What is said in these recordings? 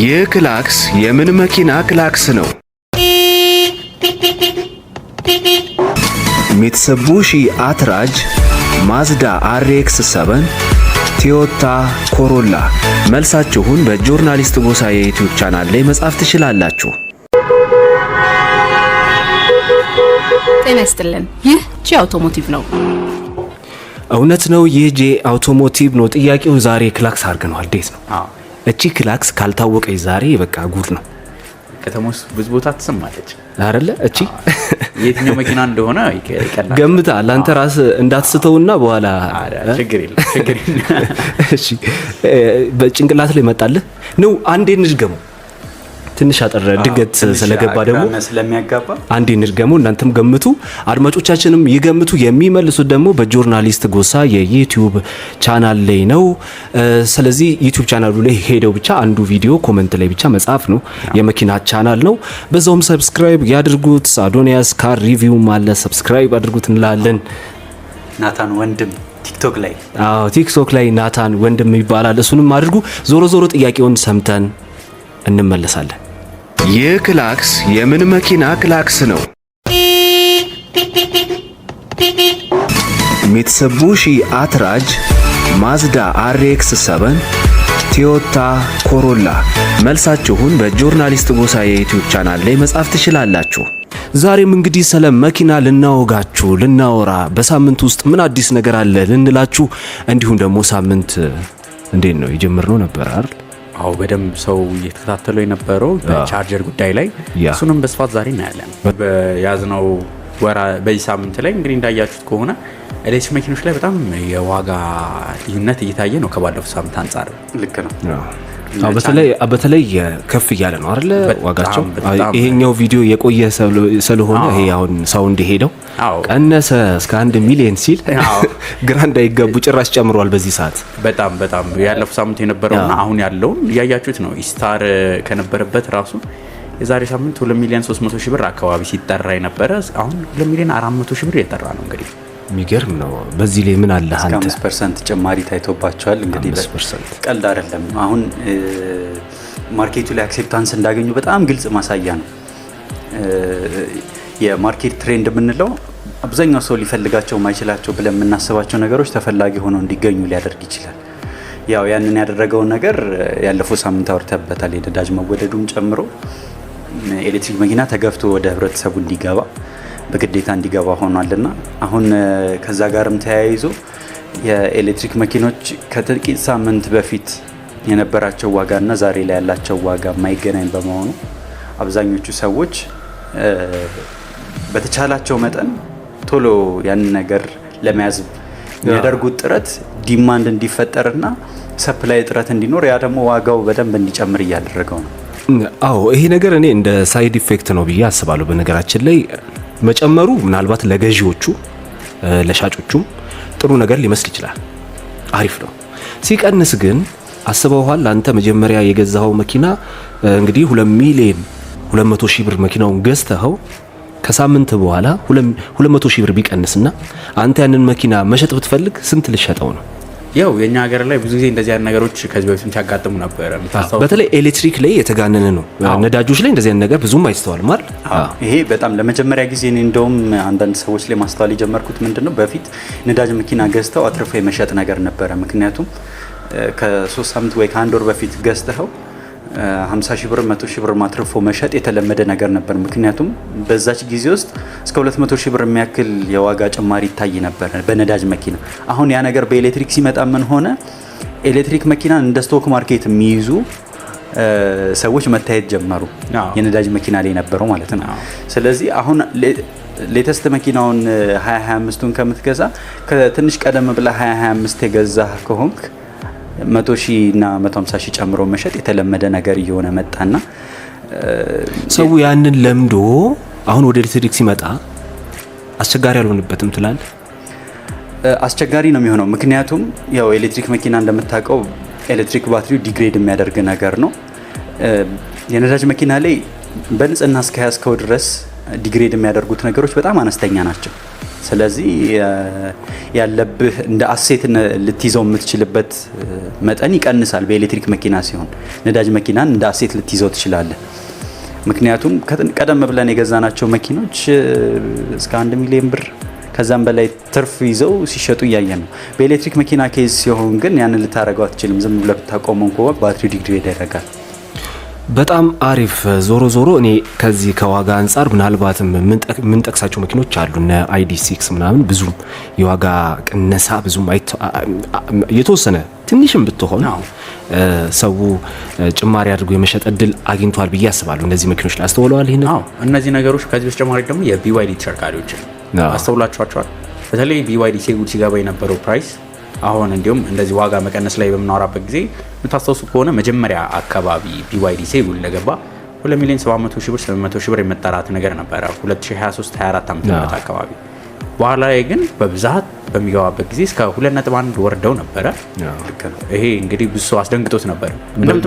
ይህ ክላክስ የምን መኪና ክላክስ ነው? ሚትሱቢሺ አትራጅ፣ ማዝዳ አርኤክስ 7፣ ቶዮታ ኮሮላ። መልሳችሁን በጆርናሊስት ጎሳ የዩቲዩብ ቻናል ላይ መጻፍ ትችላላችሁ። ጤና ይስጥልን። ይህ ጂ አውቶሞቲቭ ነው። እውነት ነው። ይህ ጂ አውቶሞቲቭ ነው። ጥያቄው ዛሬ ክላክስ አድርገነዋል። እንዴት ነው? እቺ ክላክስ ካልታወቀች ዛሬ በቃ ጉድ ነው። ከተማ ውስጥ ብዙ ቦታ ትሰማለች አይደለ? እቺ የትኛው መኪና እንደሆነ ገምታ ለአንተ ራስ እንዳትስተውና በኋላ ችግር የለም። ችግር በጭንቅላት ላይ መጣልህ ነው። አንዴ ንድገመው ትንሽ አጠረ ድንገት ስለገባ ደግሞ አንድ ደግሞ እናንተም ገምቱ፣ አድማጮቻችንም ይገምቱ። የሚመልሱት ደግሞ በጆርናሊስት ጎሳ የዩቲዩብ ቻናል ላይ ነው። ስለዚህ ዩቲዩብ ቻናሉ ላይ ሄደው ብቻ አንዱ ቪዲዮ ኮመንት ላይ ብቻ መጻፍ ነው። የመኪና ቻናል ነው። በዛውም ሰብስክራይብ ያድርጉት። አዶኒያስ ካር ሪቪው አለ፣ ሰብስክራይብ አድርጉት እንላለን። ናታን ወንድም ቲክቶክ ላይ አዎ፣ ቲክቶክ ላይ ናታን ወንድም ይባላል። እሱንም አድርጉ። ዞሮ ዞሮ ጥያቄውን ሰምተን እንመለሳለን። ይህ ክላክስ የምን መኪና ክላክስ ነው? ሚትሱቢሺ አትራጅ፣ ማዝዳ አርኤክስ 7፣ ቲዮታ ኮሮላ። መልሳችሁን በጆርናሊስት ጎሳ የዩቲዩብ ቻናል ላይ መጻፍ ትችላላችሁ። ዛሬም እንግዲህ ስለ መኪና ልናወጋችሁ ልናወራ፣ በሳምንት ውስጥ ምን አዲስ ነገር አለ ልንላችሁ፣ እንዲሁም ደግሞ ሳምንት እንዴት ነው የጀመርነው ነበር አይደል አዎ በደንብ ሰው እየተከታተለው የነበረው በቻርጀር ጉዳይ ላይ እሱንም በስፋት ዛሬ እናያለን። በያዝነው ወራ በዚህ ሳምንት ላይ እንግዲህ እንዳያችሁት ከሆነ ኤሌክትሪክ መኪኖች ላይ በጣም የዋጋ ልዩነት እየታየ ነው ከባለፉት ሳምንት አንጻር ልክ ነው። በተለይ ከፍ እያለ ነው አለ ዋጋቸው። ይሄኛው ቪዲዮ የቆየ ስለሆነ ይሄ አሁን ሰው እንደሄደው ቀነሰ እስከ አንድ ሚሊዮን ሲል ግራ እንዳይገቡ ጭራሽ ጨምሯል። በዚህ ሰዓት በጣም በጣም ያለፉ ሳምንት የነበረውና አሁን ያለውን እያያችሁት ነው። ኢስታር ከነበረበት ራሱ የዛሬ ሳምንት 2 ሚሊዮን 300 ሺህ ብር አካባቢ ሲጠራ የነበረ አሁን 2 ሚሊዮን 400 ሺህ ብር የጠራ ነው እንግዲህ የሚገርም ነው። በዚህ ላይ ምን አለ አንተ አምስት ፐርሰንት ጭማሪ ታይቶባቸዋል። እንግዲህ ቀልድ አይደለም። አሁን ማርኬቱ ላይ አክሴፕታንስ እንዳገኙ በጣም ግልጽ ማሳያ ነው። የማርኬት ትሬንድ የምንለው አብዛኛው ሰው ሊፈልጋቸው ማይችላቸው ብለን የምናስባቸው ነገሮች ተፈላጊ ሆነው እንዲገኙ ሊያደርግ ይችላል። ያው ያንን ያደረገውን ነገር ያለፈው ሳምንት አውርተበታል። የነዳጅ መወደዱም ጨምሮ ኤሌክትሪክ መኪና ተገፍቶ ወደ ህብረተሰቡ እንዲገባ በግዴታ እንዲገባ ሆኗልና አሁን ከዛ ጋርም ተያይዞ የኤሌክትሪክ መኪኖች ከጥቂት ሳምንት በፊት የነበራቸው ዋጋና ዛሬ ላይ ያላቸው ዋጋ የማይገናኝ በመሆኑ አብዛኞቹ ሰዎች በተቻላቸው መጠን ቶሎ ያንን ነገር ለመያዝ የሚያደርጉት ጥረት ዲማንድ እንዲፈጠርና ሰፕላይ ጥረት እንዲኖር ያ ደግሞ ዋጋው በደንብ እንዲጨምር እያደረገው ነው። አዎ ይሄ ነገር እኔ እንደ ሳይድ ኢፌክት ነው ብዬ አስባለሁ። በነገራችን ላይ መጨመሩ ምናልባት ለገዢዎቹ ለሻጮቹም ጥሩ ነገር ሊመስል ይችላል። አሪፍ ነው። ሲቀንስ ግን አስበውኋል? አንተ መጀመሪያ የገዛኸው መኪና እንግዲህ 2 ሚሊዮን 200 ሺህ ብር መኪናውን ገዝተኸው ከሳምንት በኋላ 200 ሺህ ብር ቢቀንስና አንተ ያንን መኪና መሸጥ ብትፈልግ ስንት ልሸጠው ነው? ያው የኛ ሀገር ላይ ብዙ ጊዜ እንደዚህ አይነት ነገሮች ከዚህ በፊትም ሲያጋጥሙ ነበረ። በተለይ ኤሌክትሪክ ላይ የተጋነነ ነው። ነዳጆች ላይ እንደዚህ አይነት ነገር ብዙም አይስተዋልም አይደል? ይሄ በጣም ለመጀመሪያ ጊዜ እኔ እንደውም አንዳንድ ሰዎች ላይ ማስተዋል የጀመርኩት ምንድን ነው፣ በፊት ነዳጅ መኪና ገዝተው አትርፎ የመሸጥ ነገር ነበረ። ምክንያቱም ከሶስት ሳምንት ወይ ከአንድ ወር በፊት ገዝተኸው 50 ሺህ ብር 100 ሺህ ብር ማትረፎ መሸጥ የተለመደ ነገር ነበር። ምክንያቱም በዛች ጊዜ ውስጥ እስከ 200 ሺህ ብር የሚያክል የዋጋ ጭማሪ ይታይ ነበር በነዳጅ መኪና። አሁን ያ ነገር በኤሌክትሪክ ሲመጣ ምን ሆነ? ኤሌክትሪክ መኪናን እንደ ስቶክ ማርኬት የሚይዙ ሰዎች መታየት ጀመሩ። የነዳጅ መኪና ላይ ነበረው ማለት ነው። ስለዚህ አሁን ሌተስት መኪናውን 2025ቱን ከምትገዛ ከትንሽ ቀደም ብላ 2025 የገዛ ከሆንክ መቶ ሺህ እና መቶ ሀምሳ ሺህ ጨምሮ መሸጥ የተለመደ ነገር እየሆነ መጣና ሰው ያንን ለምዶ አሁን ወደ ኤሌክትሪክ ሲመጣ አስቸጋሪ አልሆንበትም ትላል። አስቸጋሪ ነው የሚሆነው። ምክንያቱም ያው ኤሌክትሪክ መኪና እንደምታውቀው ኤሌክትሪክ ባትሪው ዲግሬድ የሚያደርግ ነገር ነው። የነዳጅ መኪና ላይ በንጽህና እስከያዝከው ድረስ ዲግሬድ የሚያደርጉት ነገሮች በጣም አነስተኛ ናቸው። ስለዚህ ያለብህ እንደ አሴት ልትይዘው የምትችልበት መጠን ይቀንሳል። በኤሌክትሪክ መኪና ሲሆን ነዳጅ መኪናን እንደ አሴት ልትይዘው ትችላለህ። ምክንያቱም ቀደም ብለን የገዛናቸው መኪኖች እስከ አንድ ሚሊዮን ብር ከዛም በላይ ትርፍ ይዘው ሲሸጡ እያየን ነው። በኤሌክትሪክ መኪና ኬዝ ሲሆን ግን ያንን ልታረገው አትችልም። ዝም ብለህ ብታቆመው ባትሪ ዲግሪ ይደረጋል። በጣም አሪፍ። ዞሮ ዞሮ እኔ ከዚህ ከዋጋ አንጻር ምናልባትም የምንጠቅሳቸው መኪኖች አሉ እነ አይዲ ሲክስ ምናምን ብዙ የዋጋ ቅነሳ ብዙም የተወሰነ ትንሽም ብትሆን ሰው ጭማሪ አድርጎ የመሸጥ እድል አግኝቷል ብዬ አስባለሁ። እነዚህ መኪኖች ላይ አስተውለዋል። ይህ እነዚህ ነገሮች ከዚህ በተጨማሪ ደግሞ የቢዋይዲ ተሽከርካሪዎችን አስተውላቸዋቸዋል። በተለይ ቢዋይዲ ሴጉድ ሲገባ የነበረው ፕራይስ አሁን እንዲሁም እንደዚህ ዋጋ መቀነስ ላይ በምናወራበት ጊዜ የምታስታውሱ ከሆነ መጀመሪያ አካባቢ ቢዋይዲ ሴጉል ለገባ 2 ሚሊዮን 700 ሺህ ብር 800 ሺህ ብር የመጠራት ነገር ነበረ 2023 24 ዓመት አካባቢ በኋላ ላይ ግን በብዛት በሚገባበት ጊዜ እስከ ሁለት ነጥብ አንድ ወርደው ነበረ። ይሄ እንግዲህ ብዙ አስደንግጦት ነበር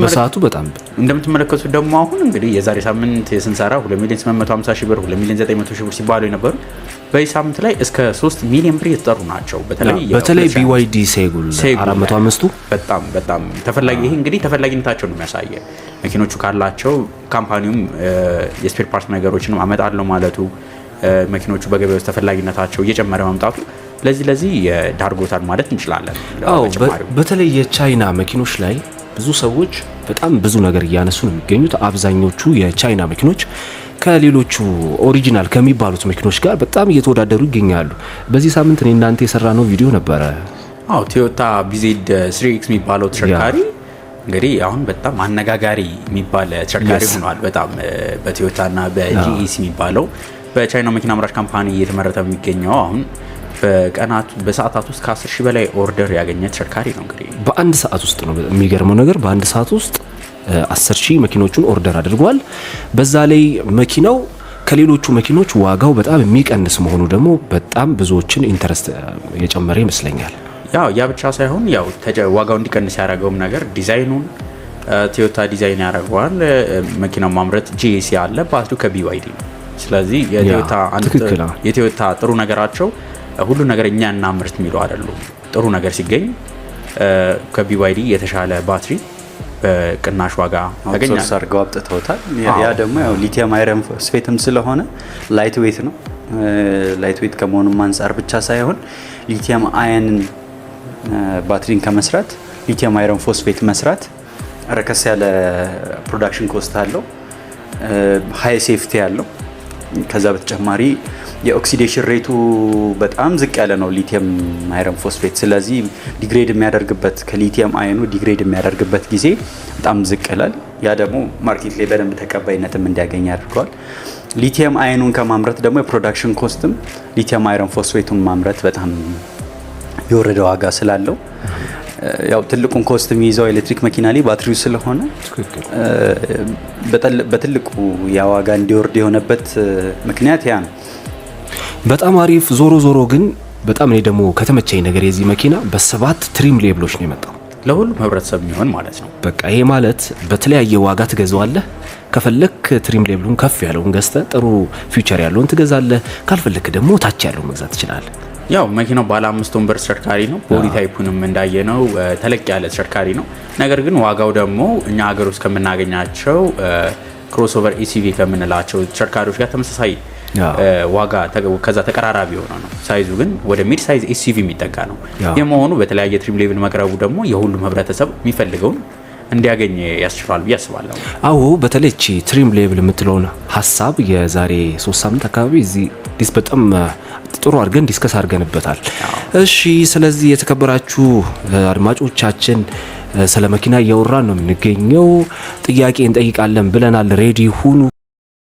በሰዓቱ በጣም እንደምትመለከቱት ደግሞ አሁን እንግዲህ የዛሬ ሳምንት ስንሰራ 2 ሚሊዮን 850 ሺህ ብር 2 ሚሊዮን 900 ሺህ ብር ሲባሉ የነበሩ በዚህ ሳምንት ላይ እስከ 3 ሚሊዮን ብር የተጠሩ ናቸው። በተለይ ቢዋይዲ ሴጉል 405 በጣም በጣም ተፈላጊ ይሄ እንግዲህ ተፈላጊነታቸው ነው የሚያሳየ መኪኖቹ ካላቸው ካምፓኒውም የስፔር ፓርት ነገሮችን አመጣለሁ ማለቱ መኪኖቹ በገበያ ውስጥ ተፈላጊነታቸው እየጨመረ መምጣቱ ለዚህ ለዚህ ዳርጎታል ማለት እንችላለን። በተለይ የቻይና መኪኖች ላይ ብዙ ሰዎች በጣም ብዙ ነገር እያነሱ ነው የሚገኙት። አብዛኞቹ የቻይና መኪኖች ከሌሎቹ ኦሪጂናል ከሚባሉት መኪኖች ጋር በጣም እየተወዳደሩ ይገኛሉ። በዚህ ሳምንት እኔ እናንተ የሰራ ነው ቪዲዮ ነበረ። አዎ ቶዮታ ቢዜድ ስሪ ኤክስ የሚባለው ተሽከርካሪ እንግዲህ አሁን በጣም አነጋጋሪ የሚባል ተሽከርካሪ ሆኗል። በጣም በቶዮታና በጂኢሲ የሚባለው በቻይናው መኪና አምራች ካምፓኒ እየተመረተ የሚገኘው አሁን በቀናት በሰዓታት ውስጥ ከ ሺህ በላይ ኦርደር ያገኘ ተሽከርካሪ ነው። እንግዲህ በአንድ ሰዓት ውስጥ ነው የሚገርመው ነገር በአንድ ሰዓት ውስጥ አስር ሺህ መኪኖቹን ኦርደር አድርጓል። በዛ ላይ መኪናው ከሌሎቹ መኪኖች ዋጋው በጣም የሚቀንስ መሆኑ ደግሞ በጣም ብዙዎችን ኢንተረስት የጨመረ ይመስለኛል። ያው ያ ብቻ ሳይሆን ያው ዋጋው እንዲቀንስ ያደረገውም ነገር ዲዛይኑን ቶዮታ ዲዛይን ያደረገዋል። መኪናው ማምረት ጂኤሲ አለ። በአስዱ ከቢዋይዲ ነው ስለዚህ የቶዮታ ጥሩ ነገራቸው ሁሉ ነገር እኛ እና ምርት የሚሉ አይደሉም። ጥሩ ነገር ሲገኝ ከቢዋይዲ የተሻለ ባትሪ በቅናሽ ዋጋ ያገኛል አድርገው አብጥተውታል። ያ ደግሞ ያው ሊቲየም አይረን ፎስፌትም ስለሆነ ላይት ዌት ነው። ላይት ዌት ከመሆኑም አንጻር ብቻ ሳይሆን ሊቲየም አየንን ባትሪን ከመስራት ሊቲየም አይረን ፎስፌት መስራት ረከስ ያለ ፕሮዳክሽን ኮስት አለው፣ ሀይ ሴፍቲ አለው። ከዛ በተጨማሪ የኦክሲዴሽን ሬቱ በጣም ዝቅ ያለ ነው ሊቲየም አይረን ፎስፌት። ስለዚህ ዲግሬድ የሚያደርግበት ከሊቲየም አይኑ ዲግሬድ የሚያደርግበት ጊዜ በጣም ዝቅ ይላል። ያ ደግሞ ማርኬት ላይ በደንብ ተቀባይነትም እንዲያገኝ ያደርገዋል። ሊቲየም አይኑን ከማምረት ደግሞ የፕሮዳክሽን ኮስትም ሊቲየም አይረን ፎስፌቱን ማምረት በጣም የወረደ ዋጋ ስላለው ያው ትልቁን ኮስት የሚይዘው ኤሌክትሪክ መኪና ላይ ባትሪው ስለሆነ በትልቁ የዋጋ እንዲወርድ የሆነበት ምክንያት ያ ነው። በጣም አሪፍ። ዞሮ ዞሮ ግን በጣም እኔ ደግሞ ከተመቸኝ ነገር የዚህ መኪና በሰባት ትሪም ሌብሎች ነው የመጣው ለሁሉም ህብረተሰብ የሚሆን ማለት ነው። በቃ ይሄ ማለት በተለያየ ዋጋ ትገዛዋለህ። ከፈለክ ትሪም ሌብሉን ከፍ ያለውን ገዝተ ጥሩ ፊውቸር ያለውን ትገዛለህ። ካልፈለክ ደግሞ ታች ያለው መግዛት ትችላለህ። ያው መኪናው ባለ አምስት ወንበር ተሽከርካሪ ነው። ቦዲ ታይፑንም ነው ተለቅ ያለ ተሽከርካሪ ነው። ነገር ግን ዋጋው ደግሞ እኛ ሀገር ውስጥ ከምናገኛቸው ክሮስኦቨር ኢሲቪ ከምንላቸው ተሽከርካሪዎች ጋር ተመሳሳይ ዋጋ ከዛ ተቀራራቢ የሆነ ነው። ሳይዙ ግን ወደ ሚድ ሳይዝ ኢሲቪ የሚጠጋ ነው የመሆኑ በተለያየ ትሪም ሌቭል መቅረቡ ደግሞ የሁሉም ህብረተሰብ የሚፈልገውን እንዲያገኝ ያስችሏል ብዬ አስባለሁ። አዎ በተለይ ቺ ትሪም ሌብል የምትለውን ሀሳብ የዛሬ ሶስት ሳምንት አካባቢ እዚህ ዲስ በጣም ጥሩ አድርገን ዲስከስ አድርገንበታል። እሺ፣ ስለዚህ የተከበራችሁ አድማጮቻችን ስለ መኪና እያወራን ነው የምንገኘው። ጥያቄ እንጠይቃለን ብለናል። ሬዲ ሁኑ።